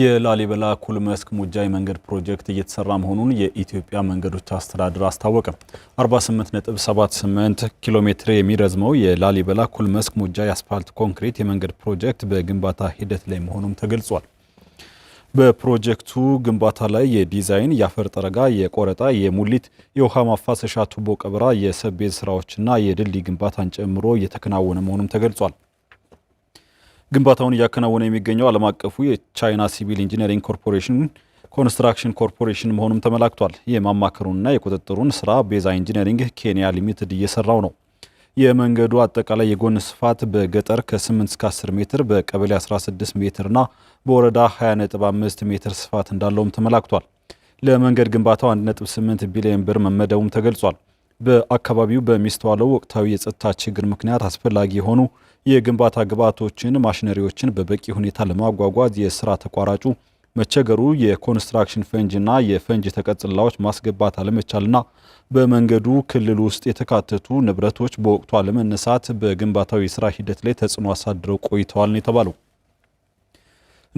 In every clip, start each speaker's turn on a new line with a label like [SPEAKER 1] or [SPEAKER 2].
[SPEAKER 1] የላሊበላ ኩልመስክ ሙጃ የመንገድ ፕሮጀክት እየተሰራ መሆኑን የኢትዮጵያ መንገዶች አስተዳደር አስታወቀ። 48.78 ኪሎ ሜትር የሚረዝመው የላሊበላ ኩልመስክ ሙጃ የአስፋልት ኮንክሪት የመንገድ ፕሮጀክት በግንባታ ሂደት ላይ መሆኑም ተገልጿል። በፕሮጀክቱ ግንባታ ላይ የዲዛይን፣ የአፈር ጠረጋ፣ የቆረጣ፣ የሙሊት፣ የውሃ ማፋሰሻ ቱቦ ቀበራ፣ የሰቤዝ ስራዎችና የድልድይ ግንባታን ጨምሮ እየተከናወነ መሆኑም ተገልጿል። ግንባታውን እያከናወነ የሚገኘው ዓለም አቀፉ የቻይና ሲቪል ኢንጂነሪንግ ኮርፖሬሽን ኮንስትራክሽን ኮርፖሬሽን መሆኑም ተመላክቷል። የማማከሩንና የቁጥጥሩን ስራ ቤዛ ኢንጂነሪንግ ኬንያ ሊሚትድ እየሰራው ነው። የመንገዱ አጠቃላይ የጎን ስፋት በገጠር ከ8 እስከ 10 ሜትር በቀበሌ 16 ሜትርና በወረዳ 25 ሜትር ስፋት እንዳለውም ተመላክቷል። ለመንገድ ግንባታው 1.8 ቢሊዮን ብር መመደቡም ተገልጿል። በአካባቢው በሚስተዋለው ወቅታዊ የጸጥታ ችግር ምክንያት አስፈላጊ የሆኑ የግንባታ ግብዓቶችን፣ ማሽነሪዎችን በበቂ ሁኔታ ለማጓጓዝ የስራ ተቋራጩ መቸገሩ፣ የኮንስትራክሽን ፈንጅና የፈንጅ ተቀጽላዎች ማስገባት አለመቻልና በመንገዱ ክልል ውስጥ የተካተቱ ንብረቶች በወቅቱ አለመነሳት በግንባታው የስራ ሂደት ላይ ተጽዕኖ አሳድረው ቆይተዋል ነው የተባለው።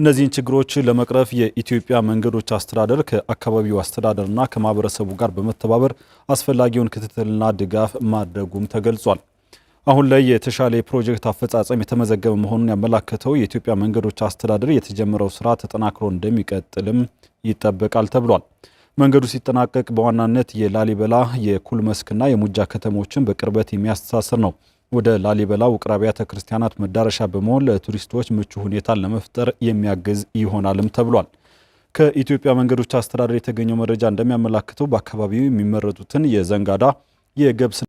[SPEAKER 1] እነዚህን ችግሮች ለመቅረፍ የኢትዮጵያ መንገዶች አስተዳደር ከአካባቢው አስተዳደርና ከማህበረሰቡ ጋር በመተባበር አስፈላጊውን ክትትልና ድጋፍ ማድረጉም ተገልጿል። አሁን ላይ የተሻለ የፕሮጀክት አፈጻጸም የተመዘገበ መሆኑን ያመላከተው የኢትዮጵያ መንገዶች አስተዳደር የተጀመረው ስራ ተጠናክሮ እንደሚቀጥልም ይጠበቃል ተብሏል። መንገዱ ሲጠናቀቅ በዋናነት የላሊበላ የኩል መስክና የሙጃ ከተሞችን በቅርበት የሚያስተሳስር ነው። ወደ ላሊበላ ውቅር አብያተ ክርስቲያናት መዳረሻ በመሆን ለቱሪስቶች ምቹ ሁኔታን ለመፍጠር የሚያግዝ ይሆናልም ተብሏል። ከኢትዮጵያ መንገዶች አስተዳደር የተገኘው መረጃ እንደሚያመላክተው በአካባቢው የሚመረቱትን የዘንጋዳ የገብስና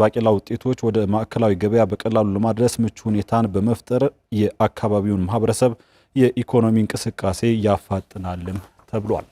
[SPEAKER 1] ባቄላ ውጤቶች ወደ ማዕከላዊ ገበያ በቀላሉ ለማድረስ ምቹ ሁኔታን በመፍጠር የአካባቢውን ማህበረሰብ የኢኮኖሚ እንቅስቃሴ ያፋጥናልም ተብሏል።